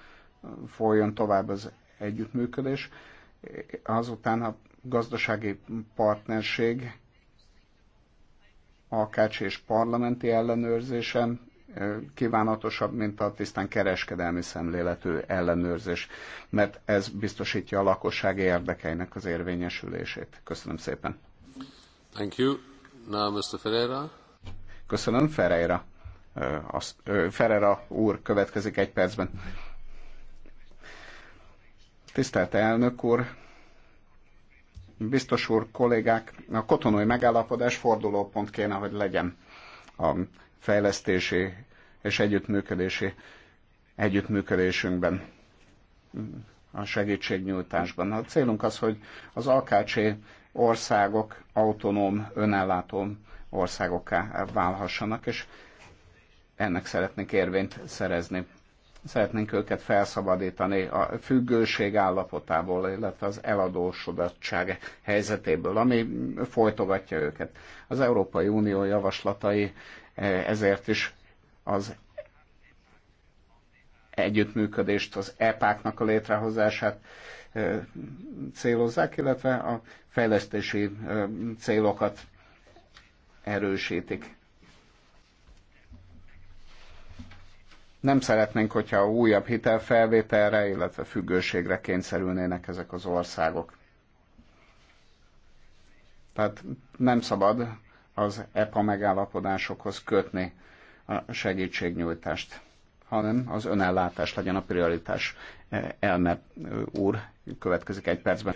folyjon tovább az együttműködés, azután a gazdasági partnerség, a és parlamenti ellenőrzésen kívánatosabb, mint a tisztán kereskedelmi szemléletű ellenőrzés, mert ez biztosítja a lakosság érdekeinek az érvényesülését. Köszönöm szépen. Thank you. Now Mr. Ferreira. Köszönöm, Ferreira. Ferreira úr következik egy percben. Tisztelt elnök úr, biztos úr, kollégák, a kotonói megállapodás fordulópont kéne, hogy legyen a fejlesztési és együttműködési együttműködésünkben, a segítségnyújtásban. A célunk az, hogy az alkácsi országok autonóm, önellátó országokká válhassanak, és ennek szeretnénk érvényt szerezni. Szeretnénk őket felszabadítani a függőség állapotából, illetve az eladósodottság helyzetéből, ami folytogatja őket. Az Európai Unió javaslatai E, ezért is az együttműködést, az EPÁK-nak a létrehozását e, célozzák, illetve a fejlesztési e, célokat erősítik. Nem szeretnénk, hogyha újabb hitelfelvételre, illetve függőségre kényszerülnének ezek az országok. Tehát nem szabad az EPA megállapodásokhoz kötni a segítségnyújtást, hanem az önellátás legyen a prioritás. E, Elmer úr, következik egy percben.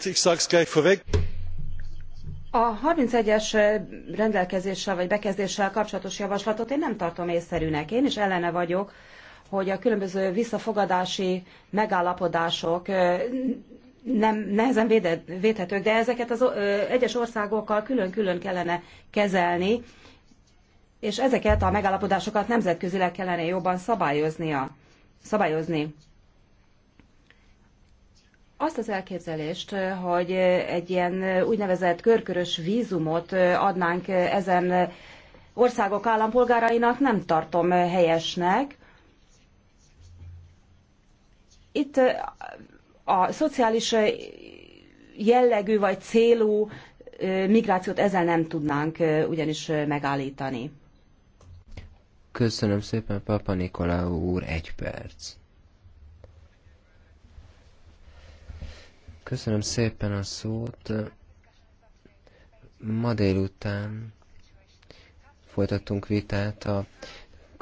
A 31-es rendelkezéssel vagy bekezdéssel kapcsolatos javaslatot én nem tartom észszerűnek. Én is ellene vagyok, hogy a különböző visszafogadási megállapodások nem nehezen véded, védhetők, de ezeket az ö, egyes országokkal külön-külön kellene kezelni, és ezeket a megállapodásokat nemzetközileg kellene jobban szabályoznia, szabályozni. Azt az elképzelést, hogy egy ilyen úgynevezett körkörös vízumot adnánk ezen országok állampolgárainak, nem tartom helyesnek. Itt a szociális jellegű vagy célú migrációt ezzel nem tudnánk ugyanis megállítani. Köszönöm szépen, Papa Nikolau úr, egy perc. Köszönöm szépen a szót. Ma délután folytattunk vitát a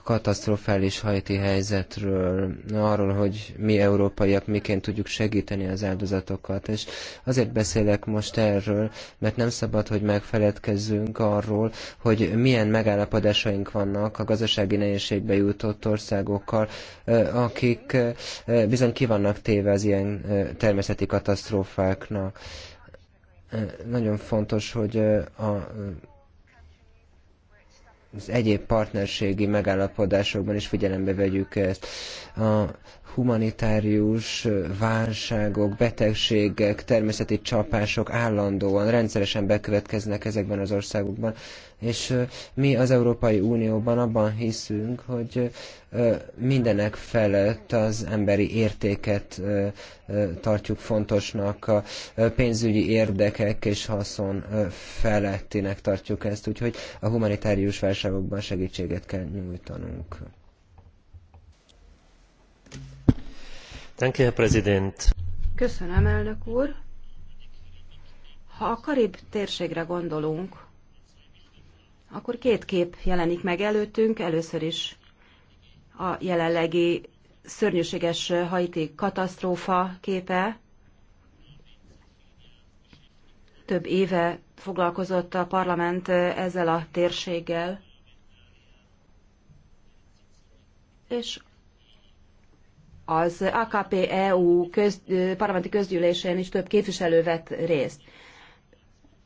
katasztrofális hajti helyzetről, arról, hogy mi európaiak miként tudjuk segíteni az áldozatokat. És azért beszélek most erről, mert nem szabad, hogy megfeledkezzünk arról, hogy milyen megállapodásaink vannak a gazdasági nehézségbe jutott országokkal, akik bizony vannak téve az ilyen természeti katasztrófáknak. Nagyon fontos, hogy a az egyéb partnerségi megállapodásokban is figyelembe vegyük ezt. A humanitárius válságok, betegségek, természeti csapások állandóan, rendszeresen bekövetkeznek ezekben az országokban. És mi az Európai Unióban abban hiszünk, hogy mindenek felett az emberi értéket tartjuk fontosnak, a pénzügyi érdekek és haszon felettinek tartjuk ezt, úgyhogy a humanitárius válságokban segítséget kell nyújtanunk. Köszönöm, elnök úr. Ha a Karib térségre gondolunk, akkor két kép jelenik meg előttünk. Először is a jelenlegi szörnyűséges haiti katasztrófa képe. Több éve foglalkozott a parlament ezzel a térséggel. És az AKP-EU köz, parlamenti közgyűlésén is több képviselő vett részt.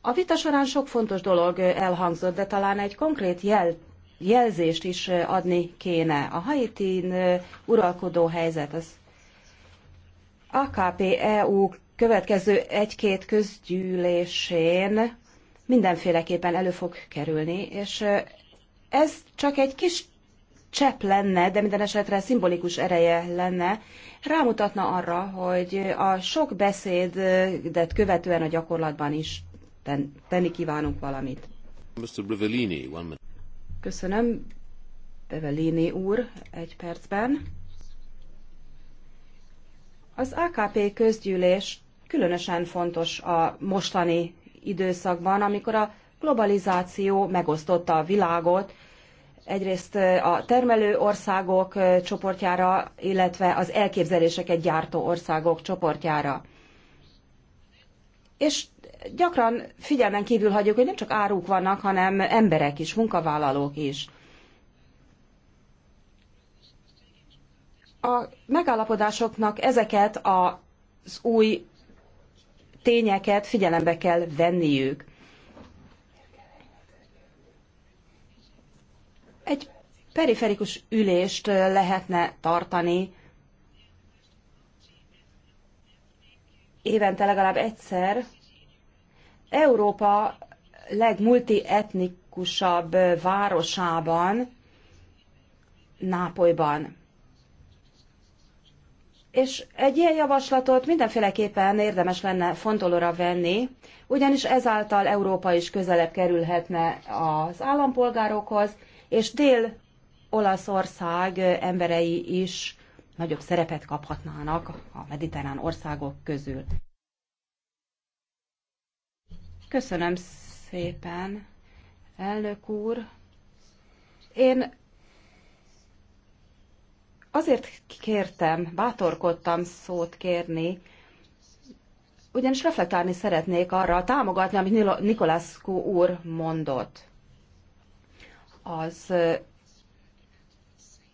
A vita során sok fontos dolog elhangzott, de talán egy konkrét jel, jelzést is adni kéne. A haitin uralkodó helyzet az AKP-EU következő egy-két közgyűlésén mindenféleképpen elő fog kerülni, és ez csak egy kis csepp lenne, de minden esetre szimbolikus ereje lenne, rámutatna arra, hogy a sok beszédet követően a gyakorlatban is ten, tenni kívánunk valamit. Mr. Brevellini, one minute. Köszönöm, Brevellini úr, egy percben. Az AKP közgyűlés különösen fontos a mostani időszakban, amikor a globalizáció megosztotta a világot, egyrészt a termelő országok csoportjára, illetve az elképzeléseket gyártó országok csoportjára. És gyakran figyelmen kívül hagyjuk, hogy nem csak áruk vannak, hanem emberek is, munkavállalók is. A megállapodásoknak ezeket az új tényeket figyelembe kell venniük. Egy periferikus ülést lehetne tartani évente legalább egyszer. Európa legmultietnikusabb városában, Nápolyban. És egy ilyen javaslatot mindenféleképpen érdemes lenne fontolóra venni, ugyanis ezáltal Európa is közelebb kerülhetne az állampolgárokhoz, és Dél-Olaszország emberei is nagyobb szerepet kaphatnának a mediterrán országok közül. Köszönöm szépen, elnök úr. Én azért kértem, bátorkodtam szót kérni, ugyanis reflektálni szeretnék arra, támogatni, amit Nikolászkó úr mondott az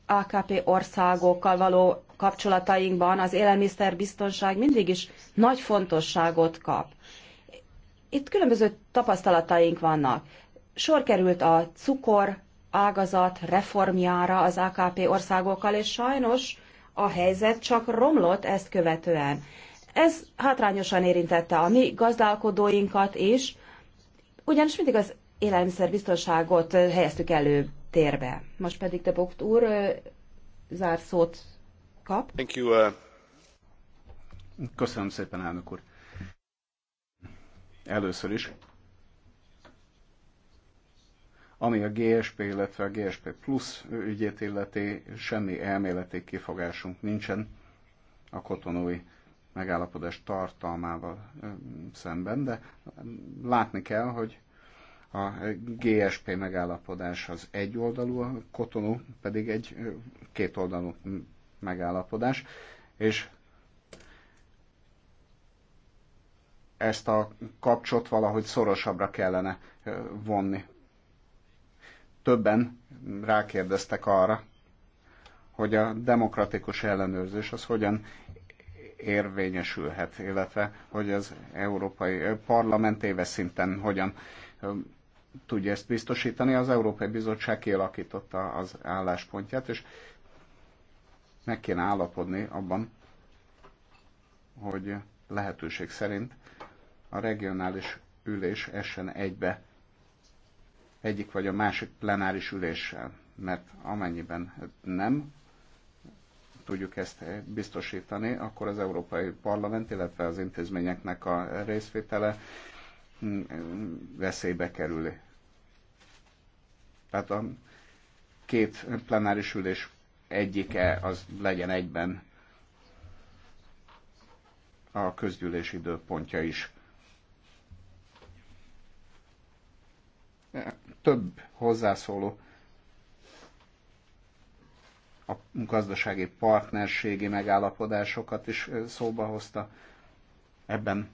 AKP országokkal való kapcsolatainkban az élelmiszerbiztonság mindig is nagy fontosságot kap. Itt különböző tapasztalataink vannak. Sor került a cukor ágazat reformjára az AKP országokkal, és sajnos a helyzet csak romlott ezt követően. Ez hátrányosan érintette a mi gazdálkodóinkat is, ugyanis mindig az élelmiszerbiztonságot helyeztük elő térbe. Most pedig de Bogt úr zárszót kap. Thank you, uh, Köszönöm szépen, elnök úr. Először is ami a GSP, illetve a GSP Plus ügyét illeti, semmi elméleti kifogásunk nincsen a kotonói megállapodás tartalmával szemben, de látni kell, hogy a GSP megállapodás az egyoldalú, a Kotonú pedig egy kétoldalú megállapodás, és ezt a kapcsot valahogy szorosabbra kellene vonni. Többen rákérdeztek arra, hogy a demokratikus ellenőrzés az hogyan érvényesülhet, illetve hogy az Európai Parlament éves szinten hogyan tudja ezt biztosítani. Az Európai Bizottság kialakította az álláspontját, és meg kéne állapodni abban, hogy lehetőség szerint a regionális ülés essen egybe egyik vagy a másik plenáris üléssel, mert amennyiben nem tudjuk ezt biztosítani, akkor az Európai Parlament, illetve az intézményeknek a részvétele veszélybe kerül. Tehát a két plenáris ülés egyike az legyen egyben a közgyűlés időpontja is. Több hozzászóló a gazdasági partnerségi megállapodásokat is szóba hozta. Ebben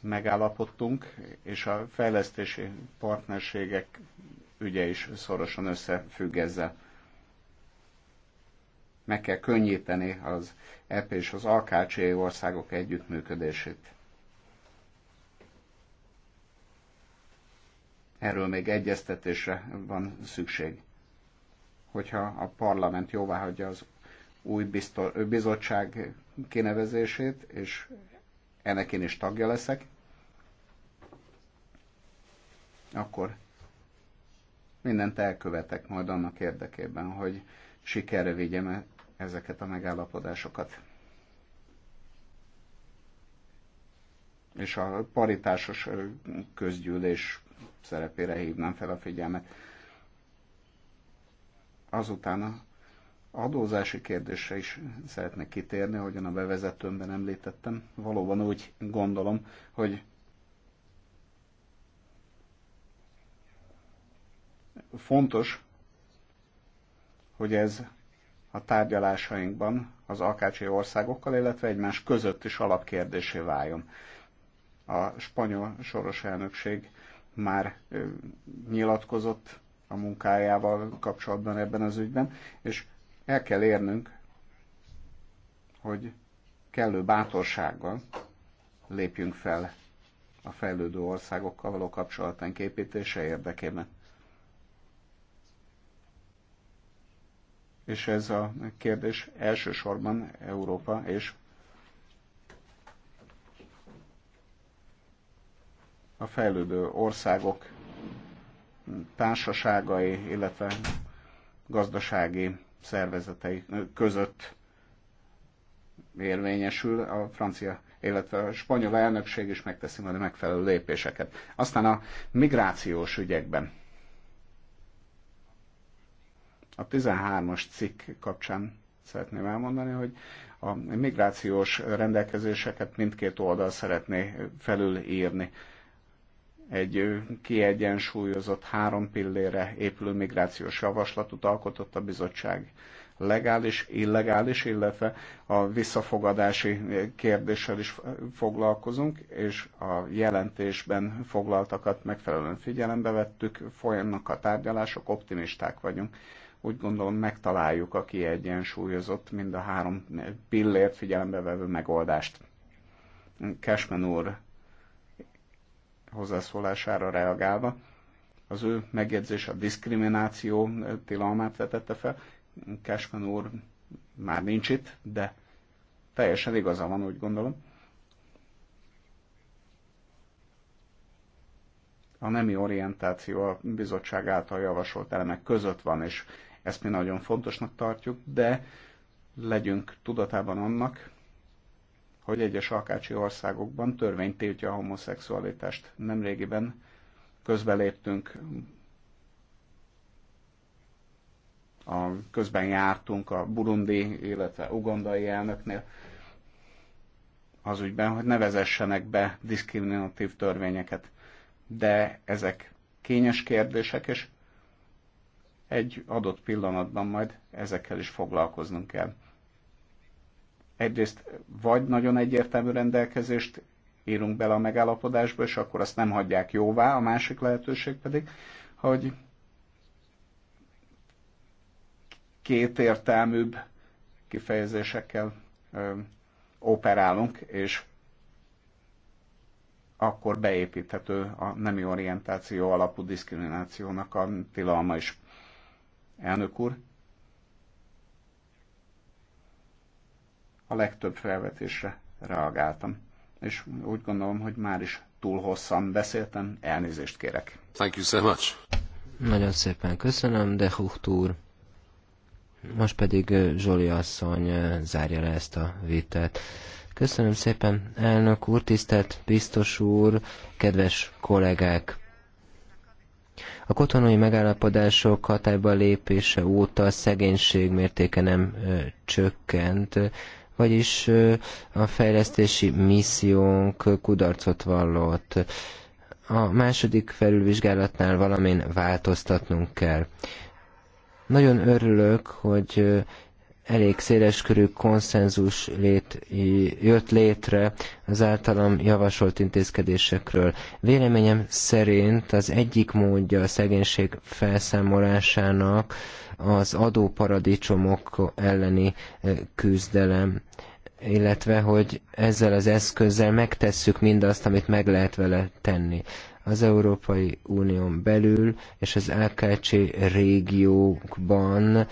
megállapodtunk, és a fejlesztési partnerségek ügye is szorosan összefügg ezzel. Meg kell könnyíteni az EP és az AKC országok együttműködését. Erről még egyeztetésre van szükség. Hogyha a parlament jóváhagyja az új bizottság kinevezését, és ennek én is tagja leszek, akkor mindent elkövetek majd annak érdekében, hogy sikerre vigyem e- ezeket a megállapodásokat. És a paritásos közgyűlés szerepére hívnám fel a figyelmet. Azután adózási kérdésre is szeretnék kitérni, ahogyan a bevezetőmben említettem. Valóban úgy gondolom, hogy fontos, hogy ez a tárgyalásainkban az akácsi országokkal, illetve egymás között is alapkérdésé váljon. A spanyol soros elnökség már nyilatkozott a munkájával kapcsolatban ebben az ügyben, és el kell érnünk, hogy kellő bátorsággal lépjünk fel a fejlődő országokkal való kapcsolatunk építése érdekében. És ez a kérdés elsősorban Európa és a fejlődő országok társaságai, illetve gazdasági szervezetei között érvényesül a francia, illetve a spanyol elnökség is megteszi majd a megfelelő lépéseket. Aztán a migrációs ügyekben. A 13-as cikk kapcsán szeretném elmondani, hogy a migrációs rendelkezéseket mindkét oldal szeretné felülírni egy kiegyensúlyozott három pillére épülő migrációs javaslatot alkotott a bizottság legális, illegális, illetve a visszafogadási kérdéssel is foglalkozunk, és a jelentésben foglaltakat megfelelően figyelembe vettük, folyamnak a tárgyalások, optimisták vagyunk. Úgy gondolom megtaláljuk a kiegyensúlyozott, mind a három pillért figyelembe vevő megoldást. Kesmen úr hozzászólására reagálva, az ő megjegyzés a diszkrimináció tilalmát vetette fel. Kásman úr már nincs itt, de teljesen igaza van, úgy gondolom. A nemi orientáció a bizottság által javasolt elemek között van, és ezt mi nagyon fontosnak tartjuk, de legyünk tudatában annak, hogy egyes alkácsi országokban törvény tiltja a homoszexualitást. Nemrégiben közbeléptünk, a, közben jártunk a burundi, illetve ugandai elnöknél, az ügyben, hogy ne vezessenek be diszkriminatív törvényeket. De ezek kényes kérdések, és egy adott pillanatban majd ezekkel is foglalkoznunk kell egyrészt vagy nagyon egyértelmű rendelkezést írunk bele a megállapodásba, és akkor azt nem hagyják jóvá, a másik lehetőség pedig, hogy értelműbb kifejezésekkel ö, operálunk, és akkor beépíthető a nemi orientáció alapú diszkriminációnak a tilalma is. Elnök úr, a legtöbb felvetésre reagáltam. És úgy gondolom, hogy már is túl hosszan beszéltem, elnézést kérek. Thank you so much. Nagyon szépen köszönöm, de úr. Most pedig Zsoli asszony zárja le ezt a vitát. Köszönöm szépen, elnök úr, tisztelt biztos úr, kedves kollégák! A kotonai megállapodások hatályba lépése óta a szegénység mértéke nem ö, csökkent, vagyis a fejlesztési missziónk kudarcot vallott. A második felülvizsgálatnál valamin változtatnunk kell. Nagyon örülök, hogy elég széleskörű konszenzus lét, jött létre az általam javasolt intézkedésekről. Véleményem szerint az egyik módja a szegénység felszámolásának, az adóparadicsomok elleni eh, küzdelem, illetve hogy ezzel az eszközzel megtesszük mindazt, amit meg lehet vele tenni. Az Európai Unión belül és az AKC régiókban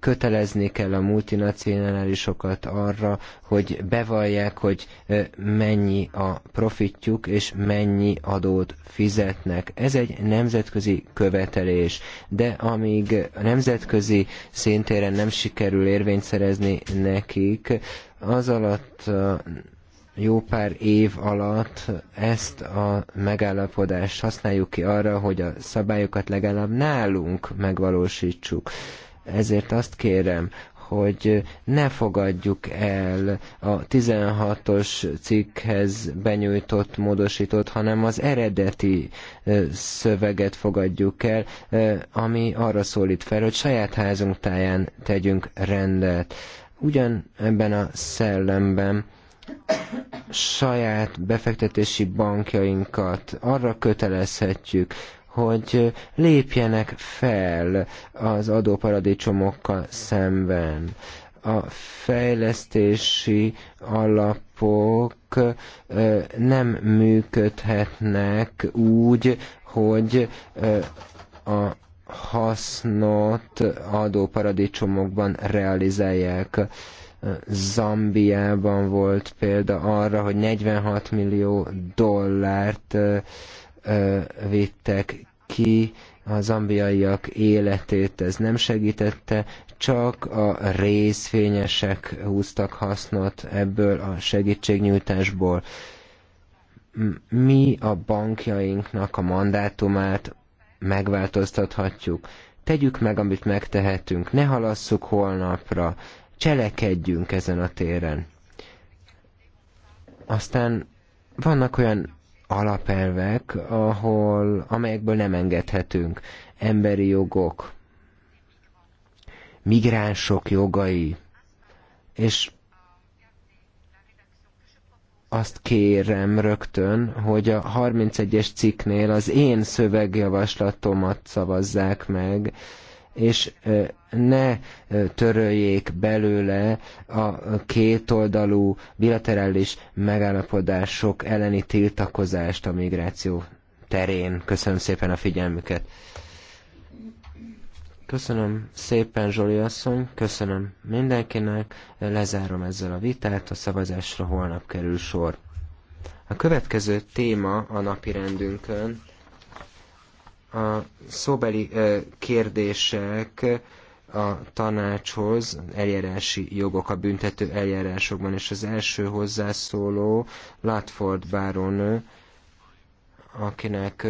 kötelezni kell a multinacionálisokat arra, hogy bevallják, hogy mennyi a profitjuk, és mennyi adót fizetnek. Ez egy nemzetközi követelés, de amíg a nemzetközi szintéren nem sikerül érvényt szerezni nekik, az alatt jó pár év alatt ezt a megállapodást használjuk ki arra, hogy a szabályokat legalább nálunk megvalósítsuk. Ezért azt kérem, hogy ne fogadjuk el a 16-os cikkhez benyújtott, módosított, hanem az eredeti szöveget fogadjuk el, ami arra szólít fel, hogy saját házunk táján tegyünk rendet. Ugyan ebben a szellemben saját befektetési bankjainkat arra kötelezhetjük, hogy lépjenek fel az adóparadicsomokkal szemben. A fejlesztési alapok nem működhetnek úgy, hogy a hasznot adóparadicsomokban realizálják. Zambiában volt példa arra, hogy 46 millió dollárt védtek ki a zambiaiak életét, ez nem segítette, csak a részfényesek húztak hasznot ebből a segítségnyújtásból. Mi a bankjainknak a mandátumát megváltoztathatjuk. Tegyük meg, amit megtehetünk, ne halasszuk holnapra, cselekedjünk ezen a téren. Aztán vannak olyan alapelvek, ahol, amelyekből nem engedhetünk. Emberi jogok, migránsok jogai, és azt kérem rögtön, hogy a 31-es cikknél az én szövegjavaslatomat szavazzák meg, és ne töröljék belőle a kétoldalú bilaterális megállapodások elleni tiltakozást a migráció terén. Köszönöm szépen a figyelmüket. Köszönöm szépen, Zsoli asszony, köszönöm mindenkinek, lezárom ezzel a vitát, a szavazásra holnap kerül sor. A következő téma a napirendünkön a szóbeli kérdések a tanácshoz eljárási jogok a büntető eljárásokban, és az első hozzászóló latford Báron, akinek